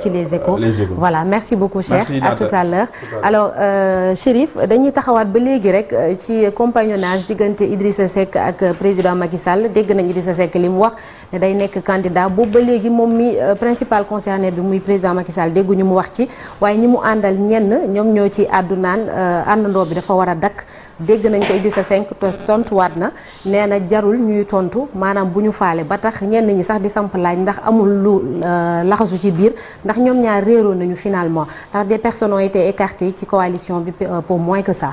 ci les échos voilà merci beaucoup Cheikh merci, à tout à l'heure alors euh, Chérif dañuy taxawaat ba léegi rek euh, ci compagnonnage diggante Idrissa Seck ak euh, président Macky Sall dégg nañ sa Seck li mu wax ne day nekk candidat boobu ba léegi moom mi principal concerné bi muy président Macky Sall dégguñu mu wax ci waaye ñi mu àndal ñenn ñoom ñoo ci àddu naan àndandoo bi dafa war a dakk dégg nañ ko Idrissa Seck tontuwaat na nee na jarul ñuy tontu maanaam bu ñu faale ba tax ñenn ñi sax di samp laaj ndax amul lu euh, laxasu ci biir ndax ñoom ñaar réeroo nañu finalement ndax des personnes ont été écartées ci coalition bi euh, pour moins que ça.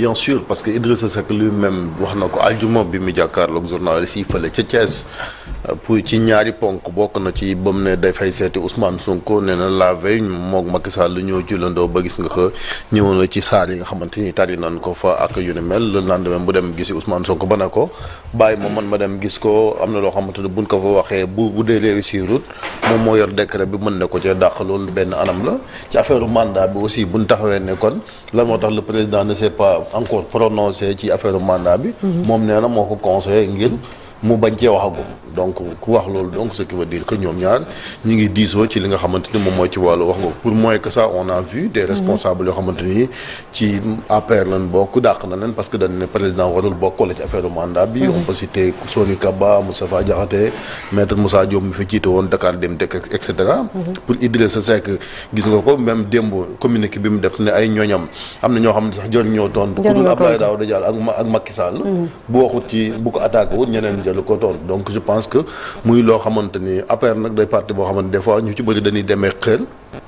bien sûr parce que Idrissa Seck lui-même wax na ko aljuma bi mu jàkkaarloog journaliste yi fële ca Thiès. pour ci ñaari ponk bokk na ci ba mu ne dafay seeti Ousmane Sonko nee na la veille moog Macky lu ñoo jullandoo ba gis nga ko ñëwoon na ci saar yi nga xamante ni tari nan ko fa ak yu ni mel naa lendemain bu dem gisi Ousmane Sonko ba ne ko bàyyi ma man ma dem gis ko am na loo xamante bu buñ ko fa waxee bu bu dee réussir route moom moo yor décret bi mën na ko ci dàq loolu benn anam la ci affaire mandat bi aussi buñ taxawee ne kon la moo tax le président n s'est pas encore prononcé ci affaire mandat bi. Mm-hmm. moom nee na moo ko conseillé ngir. mu bañ cee waxagum donc ku wax loolu donc ce qui veut dire que ñoom ñaar ñi ngi diisoo ci li nga xamante ni moom mooy ci wàllu wax nga pour moins que on a vu des responsables yoo xamante ci APR lañ bokk dàq na leen parce que dañ ne président warul bokk wala ci affaire mandat bi on peut citer Sori Kaba Moustapha Diakhaté maître Moussa Diop mi fi jiite woon Dakar Dem Dikk et cetera pour Idrissa Seck gis nga ko même démb communiqué bi mu def ne ay ñooñam jëlu ko toon donc je pense que muy loo xamante ni APR nag day parti boo xamante des fois ñu ci bëri dañuy demee xel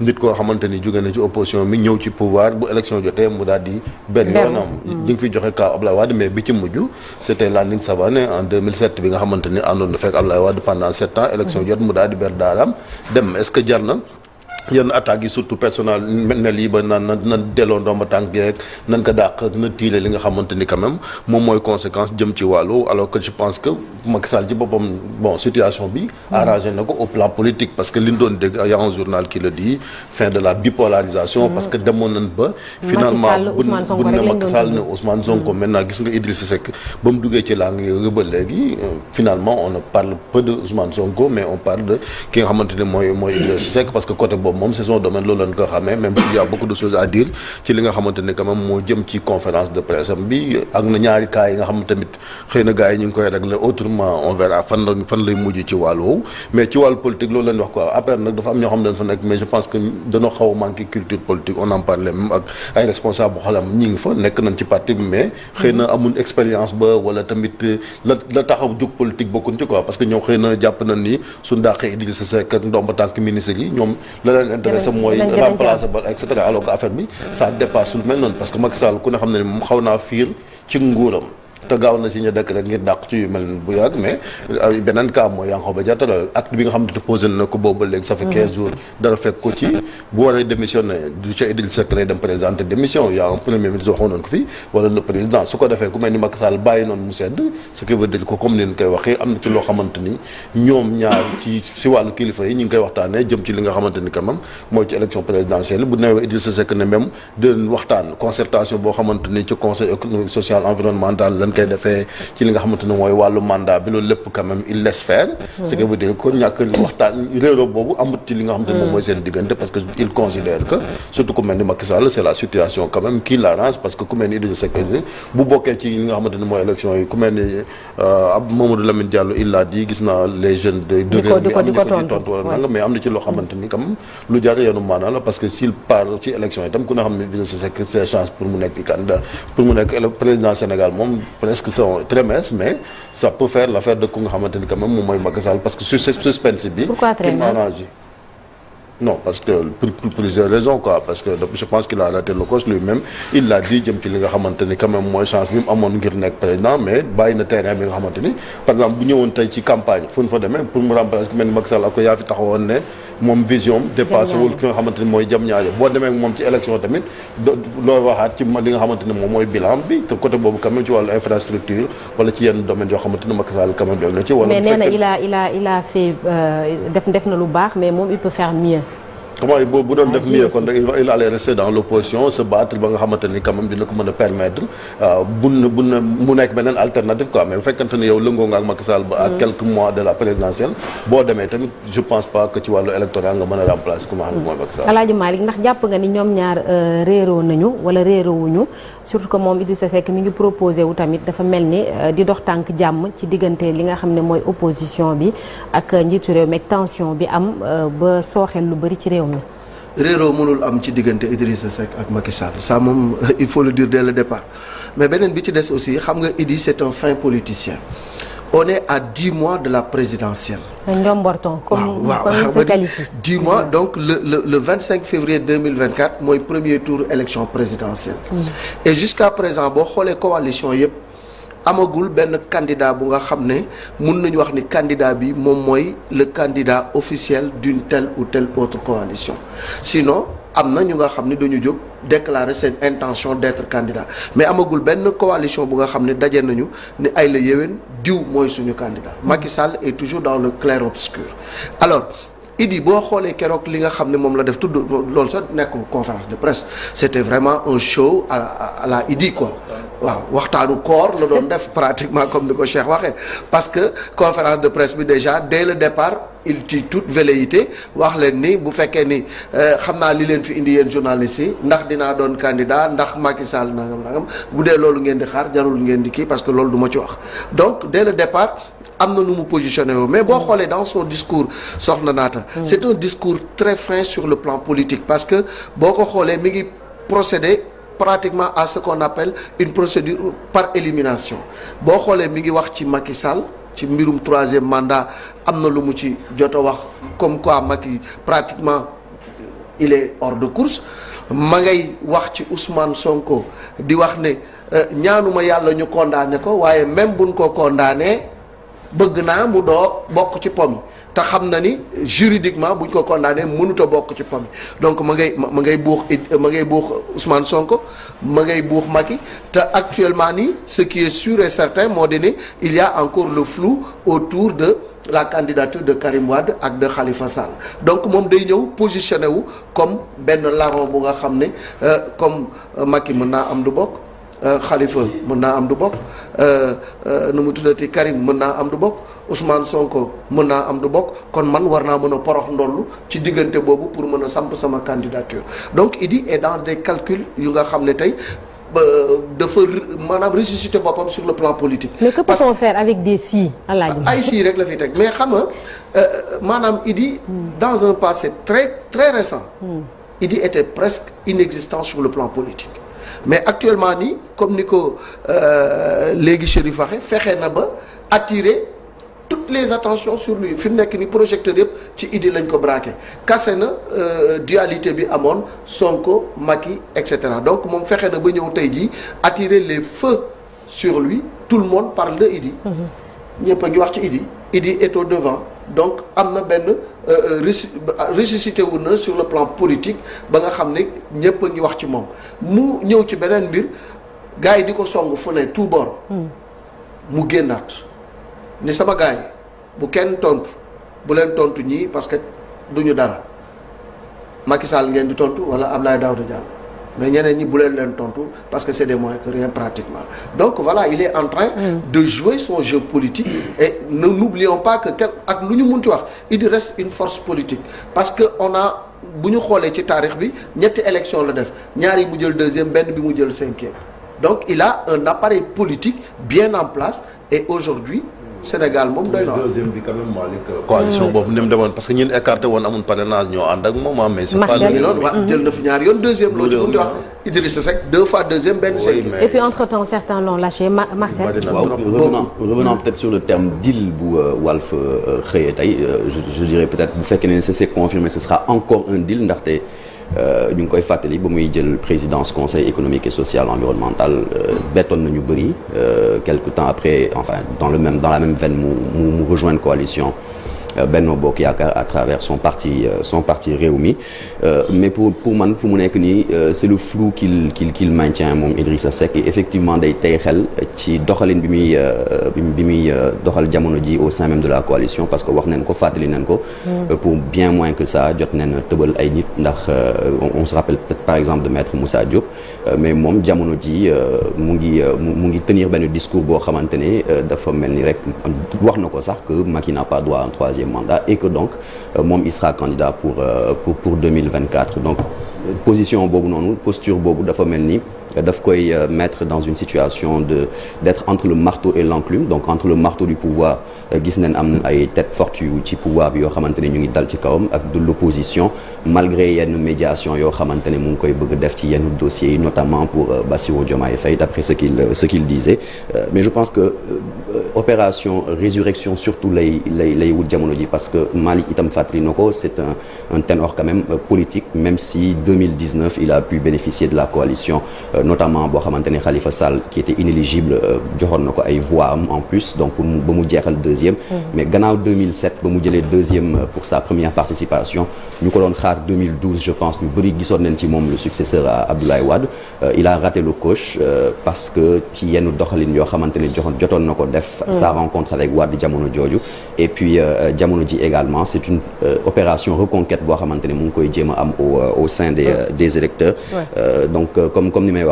nit koo xamante ni jóge na ci opposition mi ñëw ci pouvoir bu élection jotee mu daal di benn yoonam ñu mm. ngi fi joxe cas Ablaye Wade mais bi ci mujj c'était Landing Savané en 2007 bi nga xamante ni àndoon na fekk Ablaye Wade pendant sept ans élection mm. jot mu daal di ber dem est-ce que jar na yenn attaques yi surtout personnel mel na ba naan na na delloo ndomba tànk bi rek nan ko dàq na tiire li nga xamante ni quand même moom mooy conséquence jëm ci wàllu alors que je pense que Macky Sall ci boppam situation bi arrangé na ko au plan politique parce que li ñu dégg y a un journal qui le dit fin de la bipolarisation parce que demoon nañ ba finalement bu ne Macky Sall ne Ousmane Sonko hmm. maintenant gis nga Idrissa Seck ba mu duggee ci laa ngi rëbal léegi moom c'est son domaine loolu lañ ko xamee même s'il y a beaucoup de choses à ci li nga xamante ni quand moo jëm ci conférence de presse bi ak na ñaari cas yi nga xam tamit xëy na gars ñu ngi koy régler autrement on verra fan la fan lay mujj ci wàll woowu mais ci wàllu politique loolu lañ wax quoi après nag dafa am ñoo xam ne dañ fa nekk mais je pense que dañoo xaw a manqué culture politique on en nañ ci parti bi mais xëy na amuñ expérience ba wala tamit la la taxaw jóg politique bokkuñ ci quoi parce que ñoom xëy na jàpp nañ ni suñ yi ñoom leen intéressé mooy remplacer ba et cetera alors que affaire bi ça dépasse lu mel noonu parce que Macky Sall ku ne xam ne moom xaw naa fiir ci nguuram te gaaw na signé décret ngir dàq ci mel bu yàgg mais euh, beneen cas mooy Yankhoba Diattara acte bi nga xam ne posé na ko boobu léegi ça mm. fekk ko ci bu waree démissionné ko fii wala le président su ko defee ku mel ni Macky Sall bàyyi noonu mu sedd ce qui veut dire ko comme ni ñu koy waxee am na ci loo xamante ñoom ñaar ci si wàllu kilifa yi ñu ngi koy waxtaanee jëm ci li nga xamante ni quand même mooy ci élection présidentielle bu newee Idrissa Seck ne même de waxtaan concertation boo xamante ci conseil économique lañ koy defee ci li nga xamante mooy wàllu mandat bi loolu lépp quand même il laisse faire mm-hmm. ce qui veut dire que ñàkk waxtaan boobu amut ci li nga xamante mooy seen diggante parce que il considère que surtout ku mel ni Macky Sall c'est la situation quand même qui l'arrange parce que ku mel euh, il l'a dit gis naa les jeunes de de réew mi am ñu ko tontu wala nanga mais am na ci loo xamante kam lu jar yoonu maanaam la parce que s'il part ci élection yi ku ne xam presque son trimestre mais ça peut faire l'affaire nga xamante ni quand même moom mooy Macky Sall parce que suspense bi qui m'arrange non parce que pour plusieurs je pense qu'il a raté le coche lui-même il l'a dit jëm ci li nga xamante ni mooy chance bi mu amoon ngir nekk président mais bàyyi na terrain bi nga xamante par exemple bu ñëwoon tey ci campagne fu ñu fa demee pour mu remplacer ku mel ni Macky Sall yaa fi taxawoon ne moom vision am dépassé ki nga xamante ni mooy jam ñaajo boo demee moom ci élection tamit looy waxaat ci li nga xamante ni moom mooy bilan bi te côté boobu quand même ci wàllu infrastructure wala ci yenn domaine yoo xamante ni Macky Sall quand même doy na ci wala mais a a fait euh, def def na lu baax mais moom il peut faire mieux comment bu bu doon def mieux kon rek il allait rester dans l'opposition se nga a permettre euh, bun bun mu nekk beneen alternative quoi mais bu fekkante ne yow lëngoo nga ak Macky Sall ba à mm-hmm. quelques mois de la présidentielle boo demee tamit je pas que ci wàllu électoral nga mën a remplacer ku ma xam ne mooy Macky Sall Alaaji Malick ndax jàpp nga ni ñoom ñaar euh, réeroo nañu wala réeroowuñu surtout que moom Idrissa Seck mi ngi proposé wu tamit dafa mel ni euh, di dox tànk jàmm ci diggante li nga xam ne mooy opposition bi ak njiitu réew mi bi ba sooxel lu bëri ci réew mi réeroo mënul am ci diggante Idrissa Seck ak Macky Sall sa moom il faut le dire dès le départ mais beneen bi ci des aussi xam nga Idi c'est un fin politicien on est à dix mois de la présidentielle. njomborton comme comme se qualifie dix mois donc le cinq février mille vingt quatre mooy premier tour élection présidentielle. Mm. et jusqu'à présent boo xoolee coalition yëpp. amagul benn candidat bu nga xam ne mun nañu wax ni candidat bi moom mooy le candidat officiel d'une telle ou telle autre coalition sinon am na ñu nga xam ne dañu jóg déclarer seen intention d'être candidat mais amagul benn coalition bu nga xam ne daje nañu ni ay la yéwén diw mooy suñu candidat Macky Sall et toujours dans le clair obscur alors Idi boo xoolee keroog li nga xam ne moom la def tudd loolu sax nekkul conférence de presse c'était vraiment un show à, à, la Idi quoi waaw waxtaanu koor la doon def pratiquement comme ni ko Cheikh waxee parce que conférence de presse bi déjà dès le départ il ci toute velléité wax leen ni bu fekkee ni euh, xam naa li leen fi indi yéen journalistes yi ndax dinaa doon candidat ndax Macky Sall nangam nangam bu dee loolu ngeen di xaar jarul ngeen di kii parce que loolu duma ma ci wax am na lu mu positionné wu mais boo mm. xoolee dans son discours soxna naata mm. c'est un discours très fin sur le plan politique parce que boo ko xoolee mi ngi procéder pratiquement à ce qu'on appelle une procédure par élimination boo xoolee mi ngi wax ci Macky Sall ci mbirum troisième mandat am na lu mu ci jot a wax comme quoi Macky pratiquement euh, il est hors de course ma ngay wax ci Ousmane Sonko di wax ne euh, ñaanuma yàlla ñu condamné ko waaye même buñ ko condamné bëgg naa mu doo bokk ci pomi te xam na ni juridiquement buñ ko condamné mënut a bokk ci pomi donc ma ngay ma ngay buux ma ngay buux Ousmane Sonko ma ngay buux Macky te actuellement nii ce qui est sûr et certain moo di ni il y encore le flou autour de la candidature de Karim Wade ak de Khalifa Sall donc moom day ñëw positionné wu comme benn larron bu nga xam ne euh, comme euh, Macky mën naa am du bokk. Euh, Khalifa mën naa am du bokk euh, euh, nu mu tuddati Karim mën naa am du bokk Ousmane Sonko mën naa am du bokk kon man war naa mën a porox ndollu ci diggante boobu pour mën a samp sama candidature donc Idy et dans des calculs yu nga xam ne tey dafa maanaam ressuscité boppam sur le plan politique. mais que peut-on faire avec des si ay si rek la fi teg mais xam nga maanaam Idy hmm. dans un passé très très récent. Hmm. Idy était presque inexistant sur le plan politique. mais actuellement nii comme ni ko euh, léegi Chérif waxe fexe na ba attirer toutes les attentions sur lui fi mu nekk ni projecteur yëpp ci Idy lañ ko braqué kase na euh, dualité bi amoon Sonko Macky et cetera donc moom fexe na ba ñëw tey jii attirer les feux sur lui tout le monde par de Idy mm-hmm. ñëpp a ngi wax ci Idy Idy est devant donc am na benn euh, euh, ressuscité wu na sur le plan politique ba nga xam ne ñëpp a ngi wax ci moom mu ñëw ci beneen mbir gars yi di ko song fu ne tout bord hmm. mu génnaat ni sama gars yi bu kenn tontu bu leen tontu ñi parce que duñu dara Macky Sall ngeen di tontu wala Abdoulaye Daouda Diallo mais ñeneen ñi bu leen leen tontu parce que c'est des moyens que rien pratiquement donc voilà il est en train de jouer son jeu politique et ne n'oublions pas que quel ak lu ñu mun ci wax il reste une force politique parce que on a bu ñu xoolee ci taarix bi ñetti élection la def ñaari yi mu jël deuxième benn bi mu jël cinquième donc il a un appareil politique bien en place et aujourd'hui Sénégal moom doy na deuxième bi euh, coalition boobu ni mu parce que ñun écarté woon amul parrainage ñoo ànd ak moom ah, mais c'est pas léegi noonu waaw jël na deuxième loo ci mun di deuxième benn Seck et puis entre temps certains l'ont lâché Marcel revenant peut sur le terme deal bu euh, Walf euh, xëyee je dirais peut-être bu fekkee ne c'est confirmé ce sera encore un deal ndaxte Euh, ñu ngi koy fàttali ba muy jël présidence conseil économique et social environnemental euh, bettoon nañu bëri euh, quelque temps après enfin dans le même dans la même veine mu mu mu rejoindre coalition Euh, Benno Bokk Yaakaar à travers son parti euh, son parti Rewmi euh, mais pour pour man fu mu nekk nii c'est le flou qu'il qu'il qu'il maintient moom Idrissa Seck et effectivement day tey xel ci doxalin bi muy bi muy doxal jamono ji au sein même de la coalition parce que wax nañ ko fàttali nañ ko mm. pour bien moins que sa jot nañ tëbal ay nit ndax on se rappelle par exemple de maître Moussa Diop mais moom jamono ji mu ngi mu ngi tenir benn discours boo xamante ne dafa mel ni rek wax na ko sax que n'a troisième mandat et que donc euh, moom il sera candidat pour euh, pour pour 2024 donc euh, position boobu noonu posture boobu dafa mel ni. Euh, daf koy euh, mettre dans une situation de d'être entre le marteau donc entre le marteau du euh, gis nañ am ay têtes fortes yu ci yoo xamante ne ñu ngi dal ci kawam ak de l'opposition malgré yenn médiation yoo xamante ne mu ngi koy bëgg def ci yenn dossiers yi notamment pour Bassirou Diomaye Faye d'après ce qu'il ce qu'il disait mais je pense que opération résurrection surtout lay lay lay wut jamono ji parce que Malick itam fàttali na ko c'est un un ténor quand même politique même si 2019 il a pu bénéficier de la coalition notamment boo xamante ne Khalifa Sall qui était inéligible euh, joxoon na ko ay voix am en plus ba mu jeexal deuxième mm-hmm. mais gannaaw 2007 ba mu jëlee deuxième euh, pour sa première participation ñu ko doon xaar 2012 pense ñu bëri gisoon nañ ci moom le successeur à Abdoulaye Wade euh, il a raté le coche parce que ci yenn doxalin yoo xamante ne joxoon jotoon na ko def mm. sa rencontre avec Wade jamono jooju et puis jamono ji également c'est une opération reconquête boo xamante ne mu ngi koy jéem a am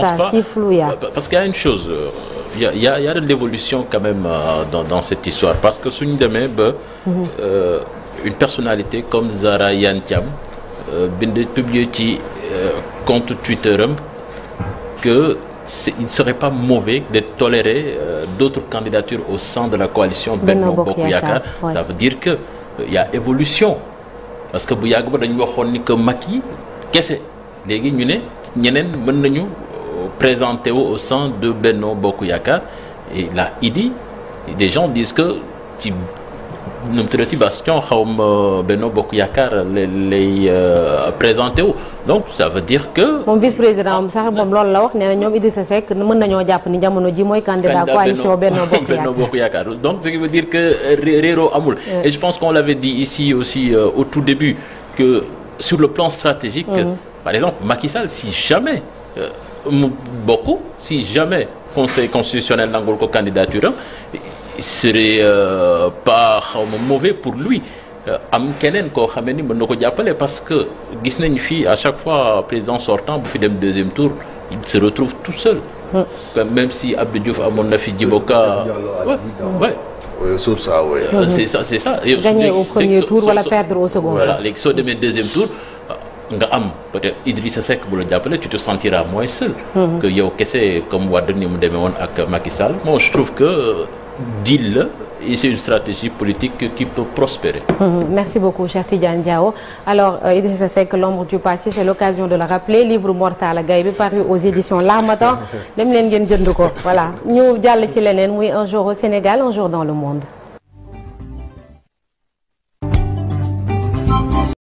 ça, pas euh, Parce qu'il y une chose, euh, il y a, y, a, y a de l'évolution quand même euh, dans, dans, histoire. Parce que Souni Demeb, mm -hmm. euh, une personnalité comme Zara Yantiam, euh, publié compte Twitter que il ne serait pas mauvais de tolérer d'autres candidatures au sein de la coalition Benno Bokuyaka. Ouais. veut dire qu'il y a évolution. Parce que bu yàgg ba dañu waxoon ni que Macky kese léegi ñu ne ñeneen mën nañu présenté wu au sein de Benno Bokk Yaakaar et la IDI des gens disent que ci nu mu tuddati bastion xaw ma euh, Benno Bokk Yaakaar lay lay euh, présenté wu donc ça veut dire que. moom vice président am ah. sax moom loolu la wax nee na ñoom Idrissa Seck mën nañoo jàpp ni jamono ji mooy. candidat coalition Benno Bokk Yaakaar donc ce qui veut dire que réeróo amul. et je pense qu'on l'avait dit ici aussi euh, au tout début que sur le plan stratégique. Mm -hmm. par exemple Macky Sall si jamais. Euh, mu bokk si jamais conseil constitutionnel nangul ko candidature am serait euh, pas xaw ma mauvais pour lui euh, am keneen koo xamee ni mën na ko jàppale parce que gis nañ fii à chaque fois président sortant bu fi dem deuxième tour il se retrouve tout seul même si Abdou Diouf amoon na fi Djiboka sur ça oui. Euh, c'est ça c'est ça. gagner au premier tour wala perdre au second. léegi soo demee deuxième tour. nga am peut-être Idrissa Seck bu la jàppale tu te sentiras moins seul. Mhm. que yow kese comme Wade ni mu demee woon ak Macky Sall. moi je trouve que euh, deal la et c'est une stratégie politique qui peut prospérer. Mhm. merci beaucoup cher Tidiane Diawo alors euh, Idrissa Seck l'ombre c'est l'occasion de le rappeler livre Mortala Gaye bi paru aux éditions L'Harmattan dem leen ngeen jënd ko voilà ñu jàll ci leneen muy un jour au Sénégal un jour dans le monde.